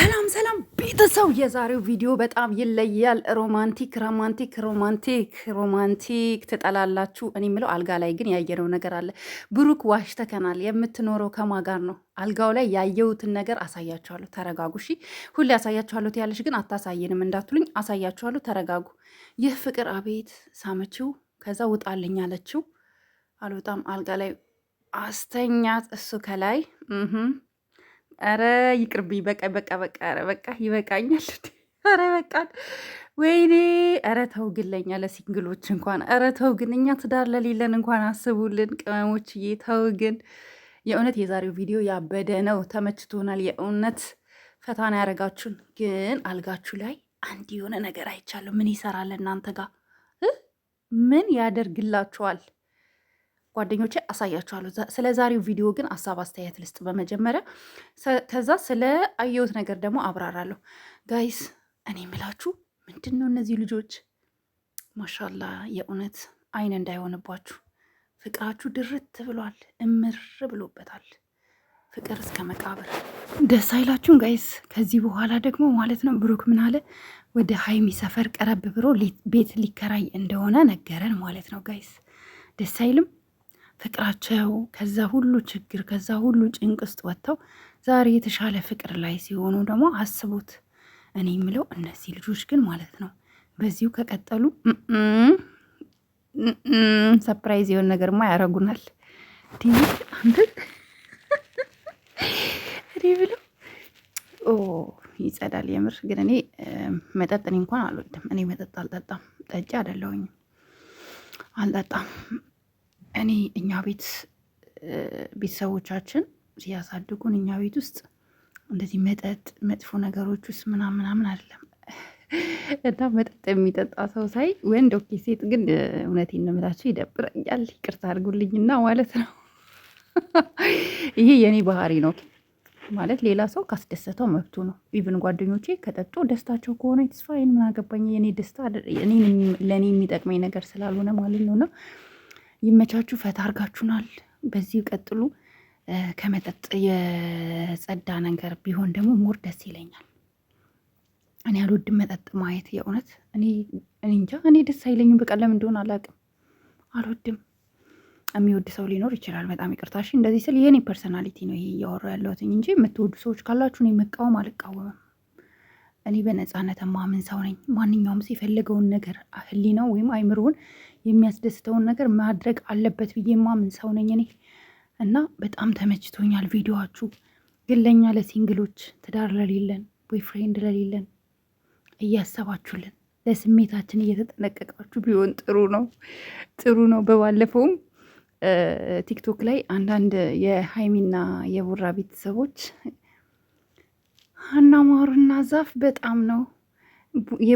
ሰላም ሰላም ቤተሰው፣ የዛሬው ቪዲዮ በጣም ይለያል። ሮማንቲክ ሮማንቲክ ሮማንቲክ ሮማንቲክ ትጠላላችሁ። እኔ የምለው አልጋ ላይ ግን ያየነው ነገር አለ። ብሩክ ዋሽተከናል። የምትኖረው ከማ ጋር ነው? አልጋው ላይ ያየሁትን ነገር አሳያችኋለሁ። ተረጋጉ እሺ። ሁሌ አሳያችኋለሁ ትያለሽ፣ ግን አታሳየንም እንዳትሉኝ፣ አሳያችኋለሁ። ተረጋጉ። ይህ ፍቅር አቤት ሳመችው። ከዛ ውጣልኝ አለችው። አልወጣም። አልጋ ላይ አስተኛት። እሱ ከላይ ኧረ ይቅርብኝ። በቃ በቃ በቃ በቃ ይበቃኛል። ኧረ በቃ ወይኔ። ኧረ ተው ግለኛ ለሲንግሎች እንኳን ኧረ ተው ግን እኛ ትዳር ለሌለን እንኳን አስቡልን ቅመሞችዬ፣ ተው ግን የእውነት የዛሬው ቪዲዮ ያበደ ነው። ተመችቶናል። የእውነት ፈታን ያደረጋችሁን። ግን አልጋችሁ ላይ አንድ የሆነ ነገር አይቻለሁ። ምን ይሰራል እናንተ ጋር ምን ያደርግላችኋል? ጓደኞቼ አሳያችኋለሁ። ስለ ዛሬው ቪዲዮ ግን ሀሳብ አስተያየት ልስጥ በመጀመሪያ ከዛ ስለ አየሁት ነገር ደግሞ አብራራለሁ። ጋይስ እኔ የምላችሁ ምንድን ነው እነዚህ ልጆች ማሻላ የእውነት አይን እንዳይሆንባችሁ ፍቅራችሁ ድርት ብሏል፣ እምር ብሎበታል። ፍቅር እስከ መቃብር። ደስ አይላችሁም ጋይስ? ከዚህ በኋላ ደግሞ ማለት ነው ብሩክ ምን አለ፣ ወደ ሀይሚ ሰፈር ቀረብ ብሎ ቤት ሊከራይ እንደሆነ ነገረን ማለት ነው ጋይስ። ደስ አይልም? ፍቅራቸው ከዛ ሁሉ ችግር ከዛ ሁሉ ጭንቅ ውስጥ ወጥተው ዛሬ የተሻለ ፍቅር ላይ ሲሆኑ ደግሞ አስቡት። እኔ የምለው እነዚህ ልጆች ግን ማለት ነው በዚሁ ከቀጠሉ ሰፕራይዝ የሆን ነገርማ ያረጉናል። እኔ ብለው ይጸዳል። የምር ግን እኔ መጠጥ እኔ እንኳን አልወድም። እኔ መጠጥ አልጠጣም፣ ጠጪ አይደለሁኝም፣ አልጠጣም እኔ እኛ ቤት ቤተሰቦቻችን ሲያሳድጉን እኛ ቤት ውስጥ እንደዚህ መጠጥ መጥፎ ነገሮች ውስጥ ምናምን ምናምን አይደለም እና መጠጥ የሚጠጣ ሰው ሳይ ወንድ ኦኬ፣ ሴት ግን እውነቴን ነው የምላቸው ይደብረኛል። ይቅርታ አድርጉልኝና ማለት ነው ይሄ የኔ ባህሪ ነው ማለት ሌላ ሰው ካስደሰተው መብቱ ነው። ኢቭን ጓደኞቼ ከጠጡ ደስታቸው ከሆነ ተስፋ ይህን ደስታ ለእኔ የሚጠቅመኝ ነገር ስላልሆነ ማለት ነው እና ይመቻችሁ፣ ፈታ አርጋችሁናል። በዚህ ቀጥሉ። ከመጠጥ የጸዳ ነገር ቢሆን ደግሞ ሞር ደስ ይለኛል። እኔ አልወድም መጠጥ ማየት የእውነት እኔ እንጃ እኔ ደስ አይለኝም። በቃ ለምን እንደሆነ አላውቅም፣ አልወድም። የሚወድ ሰው ሊኖር ይችላል። በጣም ይቅርታሽ፣ እንደዚህ ስል የእኔ ፐርሰናሊቲ ነው ይሄ እያወራ ያለሁት እንጂ የምትወዱ ሰዎች ካላችሁ እኔ መቃወም አልቃወምም። እኔ በነፃነት ማምን ሰው ነኝ። ማንኛውም የፈለገውን ነገር ህሊናው ወይም አይምሮውን የሚያስደስተውን ነገር ማድረግ አለበት ብዬ ማምን ሰው ነኝ እኔ እና በጣም ተመችቶኛል ቪዲዮችሁ። ግን ለእኛ ለሲንግሎች ትዳር ለሌለን ቦይፍሬንድ ለሌለን እያሰባችሁልን ለስሜታችን እየተጠነቀቃችሁ ቢሆን ጥሩ ነው ጥሩ ነው። በባለፈውም ቲክቶክ ላይ አንዳንድ የሀይሚና የቡራ ቤተሰቦች ሀና ማሩና ዛፍ በጣም ነው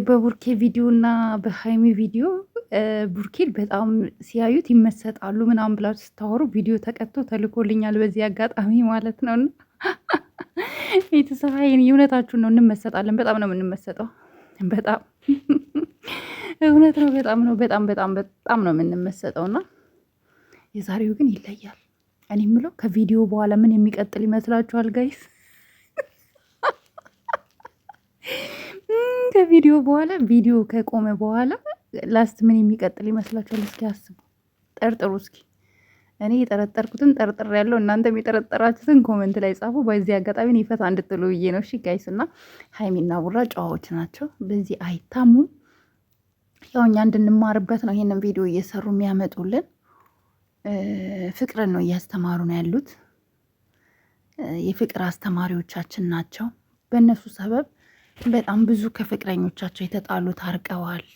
በቡርኬ ቪዲዮ እና በሀይሚ ቪዲዮ ቡርኬን በጣም ሲያዩት ይመሰጣሉ ምናምን ብላችሁ ስታወሩ ቪዲዮ ተቀጥቶ ተልኮልኛል። በዚህ አጋጣሚ ማለት ነው ቤተሰብ ይ እውነታችሁን ነው፣ እንመሰጣለን። በጣም ነው የምንመሰጠው። በጣም እውነት ነው። በጣም ነው በጣም በጣም በጣም ነው የምንመሰጠው እና የዛሬው ግን ይለያል። እኔ የምለው ከቪዲዮ በኋላ ምን የሚቀጥል ይመስላችኋል ጋይስ? ቪዲዮ በኋላ ቪዲዮ ከቆመ በኋላ ላስት ምን የሚቀጥል ይመስላችኋል? እስኪ አስቡ፣ ጠርጥሩ። እስኪ እኔ የጠረጠርኩትን ጠርጥር ያለው እናንተም የጠረጠራችሁትን ኮመንት ላይ ጻፉ። በዚህ አጋጣሚ ፈታ እንድትሉ ብዬ ነው። እሺ ጋይስ እና ሀይሚና ቡራ ጨዋዎች ናቸው። በዚህ አይታሙም። ያው እኛ እንድንማርበት ነው ይህንን ቪዲዮ እየሰሩ የሚያመጡልን። ፍቅርን ነው እያስተማሩ ነው ያሉት። የፍቅር አስተማሪዎቻችን ናቸው። በእነሱ ሰበብ በጣም ብዙ ከፍቅረኞቻቸው የተጣሉ ታርቀዋል።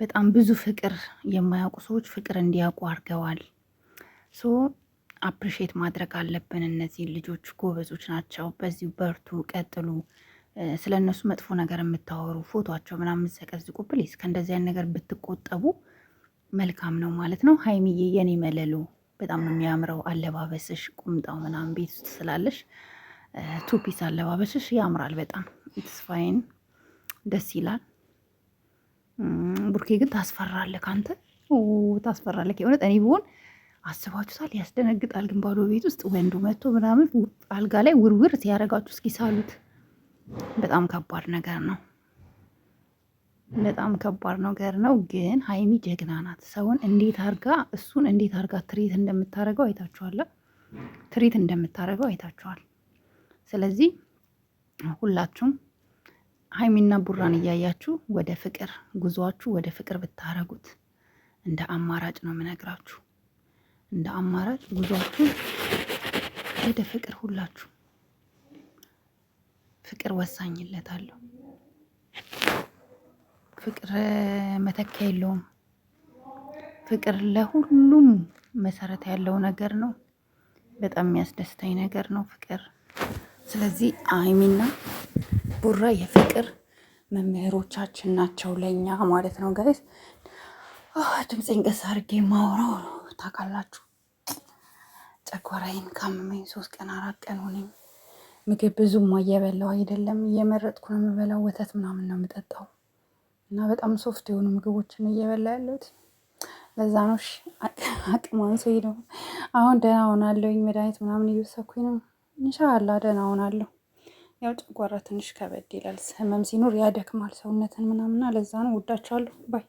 በጣም ብዙ ፍቅር የማያውቁ ሰዎች ፍቅር እንዲያውቁ አድርገዋል። ሶ አፕሪሼት ማድረግ አለብን። እነዚህ ልጆች ጎበዞች ናቸው። በዚሁ በርቱ፣ ቀጥሉ። ስለ እነሱ መጥፎ ነገር የምታወሩ ፎቶቸው ምናምን ዘቀዝቁ ፕሊዝ። ከእንደዚህ አይነት ነገር ብትቆጠቡ መልካም ነው ማለት ነው። ሀይሚዬ የኔ መለሉ በጣም ነው የሚያምረው አለባበስሽ፣ ቁምጣው ምናምን ቤት ውስጥ ስላለሽ ቱፒስ አለባበስሽ ያምራል በጣም ኢትስፋይን ደስ ይላል። ቡርኬ ግን ታስፈራለክ አንተ ታስፈራለክ የእውነት እኔ ቢሆን አስባችሁታል? ያስደነግጣል። ግን ባዶ ቤት ውስጥ ወንዱ መጥቶ ምናምን አልጋ ላይ ውርውር ሲያደርጋችሁ እስኪ ሳሉት። በጣም ከባድ ነገር ነው። በጣም ከባድ ነገር ነው። ግን ሀይሚ ጀግና ናት። ሰውን እንዴት አርጋ እሱን እንዴት አርጋ ትሬት እንደምታደርገው አይታችኋል። ትሬት እንደምታደርገው አይታችኋል። ስለዚህ ሁላችሁም ሀይሚና ቡራን እያያችሁ ወደ ፍቅር ጉዟችሁ ወደ ፍቅር ብታረጉት እንደ አማራጭ ነው የምነግራችሁ። እንደ አማራጭ ጉዟችሁ ወደ ፍቅር ሁላችሁ ፍቅር ወሳኝለት አለው። ፍቅር መተኪያ የለውም። ፍቅር ለሁሉም መሰረት ያለው ነገር ነው። በጣም የሚያስደስተኝ ነገር ነው ፍቅር ስለዚህ አይሚና ቡራ የፍቅር መምህሮቻችን ናቸው ለእኛ ማለት ነው። ጋይስ ድምፄን ቀስ አድርጌ ማውራው ታውቃላችሁ። ጨጓራዬን ካመመኝ ሶስት ቀን አራት ቀን ሆነኝ። ምግብ ብዙም እየበላው አይደለም፣ እየመረጥኩ ነው የምበላው። ወተት ምናምን ነው የምጠጣው እና በጣም ሶፍት የሆኑ ምግቦችን እየበላ ያለሁት ለዛ ነው። አቅም አንሶኝ ነው። አሁን ደህና ሆናለሁኝ። መድኃኒት ምናምን እየወሰድኩኝ ነው። ኢንሻአላህ ደህና ሆናለሁ። ያው ጨጓራ ትንሽ ከበድ ይላል፣ ህመም ሲኖር ያደክማል ሰውነትን ምናምና፣ ለዛ ነው። ውዳቸዋለሁ ባይ